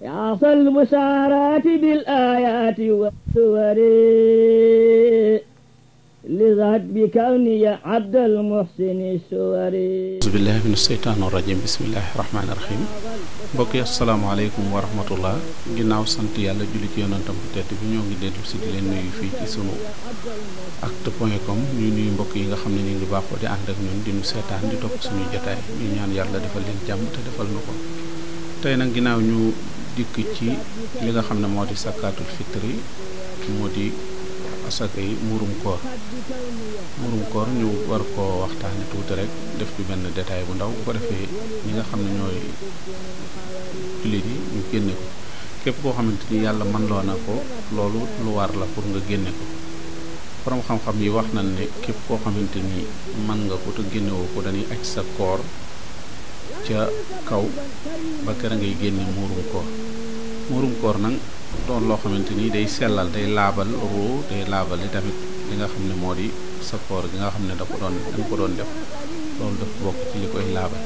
يعصى المسارات بالآيات والصور لذات بكوني عبد المحسن السوري أعوذ بالله من الشيطان الرجيم بسم الله الرحمن الرحيم mbokk yi asalaamaaleykum sant yàlla julli ci yonantam bu tedd bi ñoo ngi dellu si di leen nuyu fii ci sunu acte com ñu nuyu mbokk yi nga xam ne ñu ngi baaxoo di ànd ak ñun di nu seetaan di topp suñu jotaay ñu ñaan yàlla defal leen jàmm te defal na ko tey nag ginnaaw ñu dikk ci li nga xam ne moo di sakkaatul fitri moo di asaka yi muurum koor muurum koor ñu war koo waxtaane tuuti rek def ci benn détail bu ndaw bu ko defee ñi nga xam ne ñooy jullit yi ñu génne ko képp koo xamante ni yàlla mën loo na ko loolu lu war la pour nga génne ko borom xam-xam yi wax nañ ne képp koo xamante ni mën nga ko te génnewoo ko dañuy aj sa koor ca kaw ba kër ngay génne muurum koor muurum koor nag doon loo xamante ni day sellal day laabal ruu day laabal li tamit li nga xam ne moo di sa koor gi nga xam ne da ko doon dañ def loolu daf bokk ci li koy laabal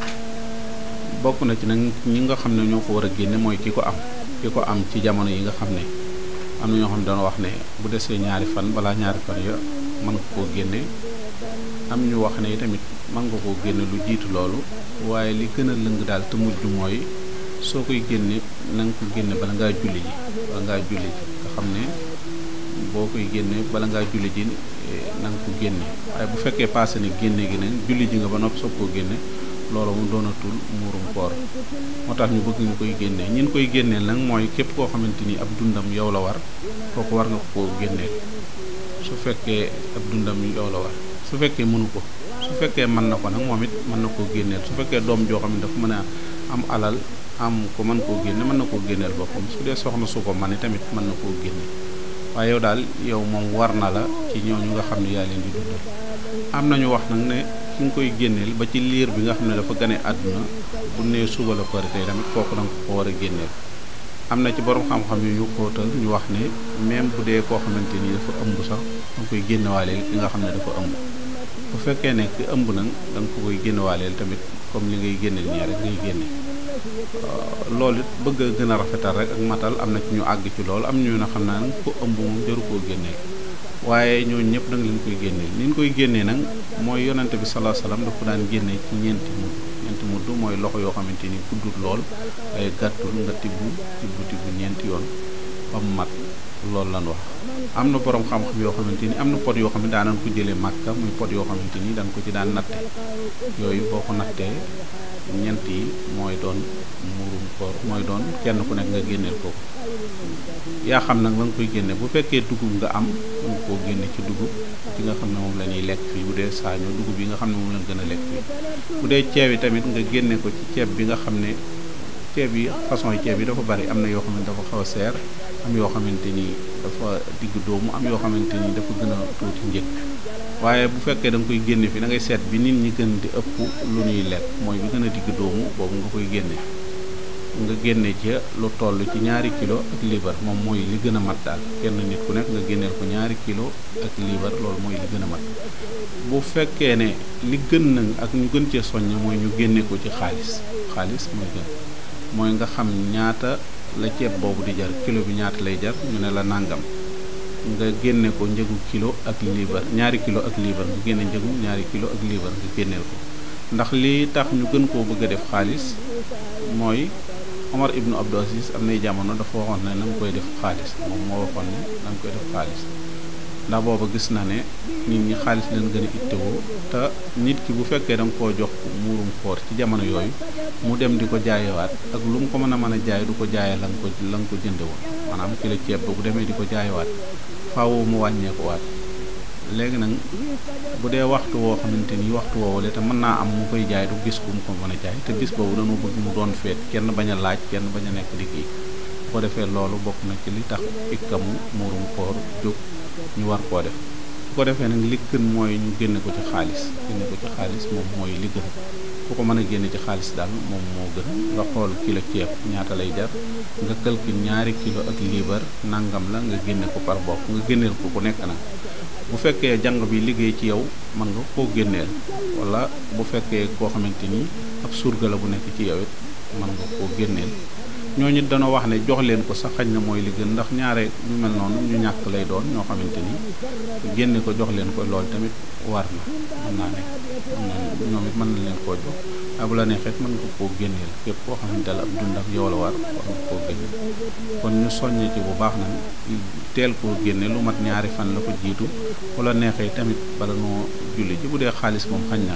bokk na ci nag ñi nga xam ne ñoo ko war a génne mooy ki ko am ki am ci jamono yi nga xam ne am na ñoo xam ne dañoo wax ne bu desee ñaari fan balaa ñaari fan ya mën nga koo génne am ñu wax ne tamit mën nga koo génne lu jiitu loolu waaye li gën a lëng daal te mujj mooy soo koy génne na nga ko génne bala ngaa julli ji ngaa julli nga xam ne boo koy génne bala ngaa julli ji eh, na nga ko génne waaye bu fekkee paase ne génne gi nañ julli ji nga ba noppi soog koo génne loolu mu doonatul muurum koor moo tax ñu bëgg ñu koy génnee ñun koy génnee nag mooy képp koo xamante ni ab dundam yow la war kooku war nga koo génneel su fekkee ab dundam yow la war su fekkee mënu ko su fekkee mën na ko nag moom it mën na koo génnee su fekkee doom joo xam ne dafa mën a am alal am ko mën koo génne mën na koo génneel boppam su dee soxna su ko mane tamit mën na koo génne waaye yow daal yow moom war na la ci ñooñu nga xam ne yaa leen di dundal am nañu wax nag ne ki nga koy génneel ba ci liir bi nga xam ne dafa gane àdduna bu nee suba la parité tamit kooku da nga ko war a génneel am na ci borom xam-xam yu ñu xóotal ñu wax ne même bu dee koo xamante ni dafa ëmb sax danga koy génnewaaleel ki nga xam ne dafa ëmb bu fekkee ne ëmb nag da ko koy génnewaaleel tamit comme li ngay génneel ñaar rek génne loolu it bëgg a gën a rafetal rek ak matal am na ci ñu àgg ci lool am ñu na xam naa ku ëmb moom jaru koo génnee waaye ñooñu ñëpp da nga leen koy génnee li koy génnee nag mooy yonante bi salaa salaam daf ko daan génnee ci ñeenti mudd ñeenti mudd mooy loxo yoo xamante ni guddul lool ay gàttul nga tibbu tibbu tibbu ñeenti yoon ba mu mat loolu lan wax am na borom xam-xam yoo xamante ni am na pot yoo xam ne daanan ko jëlee màkka muy pot yoo xamante ni dañ ko ci daan natte yooyu boo ko nattee ñent yi mooy doon muurum ko mooy doon kenn ku nekk nga génneel ko yaa xam nag la nga koy génne bu fekkee dugub nga am nga koo génne ci dugub ci nga xam ne moom la ñuy lekk fii bu dee saaño dugub yi nga xam ne moom nu gën a lekk fii bu dee ceeb yi tamit nga génne ko ci ceeb bi nga xam ne ceeb yi façon yi ceeb yi dafa bari am na yoo xamante dafa xaw a seer yoo xamante ni dafa digg doomu am yoo xamante ni dafa gën a tuuti njëkk waaye bu fekkee da koy génne fii da ngay seet bi nit ñi gën di ëpp lu ñuy lekk mooy bi gën a digg doomu boobu nga koy génne nga génne ca lu toll ci ñaari kilo ak libar moom mooy li gën a mat daal kenn nit ku nekk nga génneel ko ñaari kilo ak libar loolu mooy li gën a mat bu fekkee ne li gën na ak ñu gën cee soññ mooy ñu génne ko ci xaalis xaalis mooy mooy nga xam ñaata la ceeb boobu di jar kilo bi ñaata lay jar ñu ne la nàngam nga génne ko njëgu kilo ak liibar ñaari kilo ak liibar nga génne njëgu ñaari kilo ak liibar nga ko ndax li tax ñu gën koo bëgg a def xaalis mooy Omar ibnu Abdou Aziz am nay jamono dafa waxoon ne na nga koy def xaalis moom moo waxoon ne na nga koy def xaalis ndax booba gis na ne nit ñi xaalis leen gën a ittewoo te nit ki bu fekkee da nga koo jox muurum koor ci jamono yooyu mu dem di ko jaayewaat ak lu mu ko mën a mën a jaay du ko jaayee la ko la ko jënde woon maanaam kilo ceeb ba bu demee di ko jaayewaat faaw mu wàññeekuwaat léegi nag bu dee waxtu woo xamante ni waxtu woowu la te mën naa am mu koy jaay du gis ku mu ko mën a jaay te gis boobu dañoo bëgg mu doon feet kenn bañ a laaj kenn bañ a nekk di boo defee loolu bokk na ci li tax ikkamu muurum koor jóg ñu war koo def bu ko defee nag li gën mooy ñu génne ko ci xaalis génne ko ci xaalis moom mooy li gën ku ko mën a génne ci xaalis daal moom moo gën nga xool kilo ceeb ñaata lay jar nga calcul ñaari kilo ak liibar nangam la nga génne ko par bopp nga génneel ko ku nekk nag bu fekkee jàng bi liggéey ci yow mën nga koo génneel wala bu fekkee koo xamante ni ab surga la bu nekk ci yow it nga koo génneel ñooñu it dañoo wax ne jox leen ko sax xañ na mooy li gën ndax ñaare ñu mel noonu ñu ñàkk lay doon ñoo xamante ni génne ko jox leen ko lool tamit war na mën naa ne ñoom it mën na leen koo jox ah la neexee mën nga koo génnee képp koo xamante ne ab dund ak yow la war kon ñu soññee ci bu baax nag teel koo génne lu mat ñaari fan la ko jiitu bu la neexee tamit bala noo julli ji bu dee xaalis moom xañ na.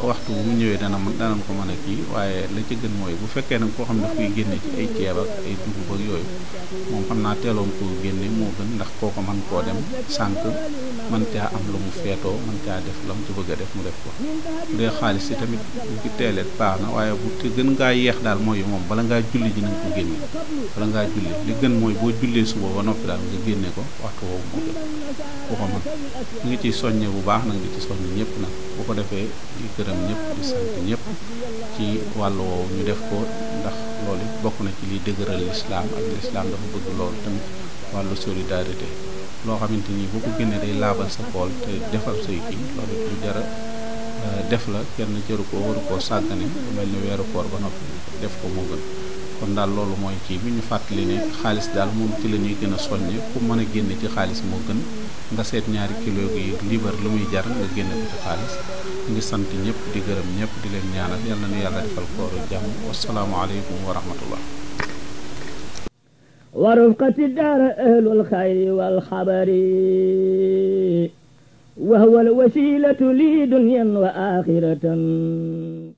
waxtu bu mu ñëwee dana danañ ko mën a kii waaye la ci gën mooy bu fekkee nag koo xam ne daf koy génne ci ay ceeb ak ay dugub ak yooyu moom xam naa teeloon koo génne moo gën ndax kooko man koo dem sànq mën caa am lu mu feetoo mën caa def la mu def mu def ko bu dee si tamit bu ci teeleet na waaye bu gën ngaa yeex daal mooy moom bala ngaa julli ji ko génne bala ngaa julli li gën mooy boo jullee suba ba noppi daal nga génne ko waxtu woowu moo gën koo ko mën ngi ciy soññe bu baax nag ngi ci soññe ñëpp nag bu ko defee gërëm ñëpp di sant ñëpp ci wàllu woowu ñu def ko ndax loolu it bokk na ci liy dëgëral lislaam ak lislaam dafa bëgg loolu tamit wàllu solidarité loo xamante ni boo ko génnee day laabal sa xool te defal say kii loolu lu jara euh, def la kenn jëru ko waru koo sàggane mel ni weeru koor ba noppi def ko moo gën kon daal loolu mooy ci bi ñu fàttali ne xaalis daal moom ci lañuy ñuy gën a soññe ku mën a génn ci xaalis moo gën nga seet ñaari kilo yi liibar lu muy jar nga génn ko ci xaalis ngi sant ñëpp di gërëm ñëpp di leen ñaanal yal na ñu yàlla defal kooru jàmm wasalaamualeykum wa rahmatullah wa rufqati daara ahlul xayri wal xabari wa huwa al wasilatu li dunyan wa axiratan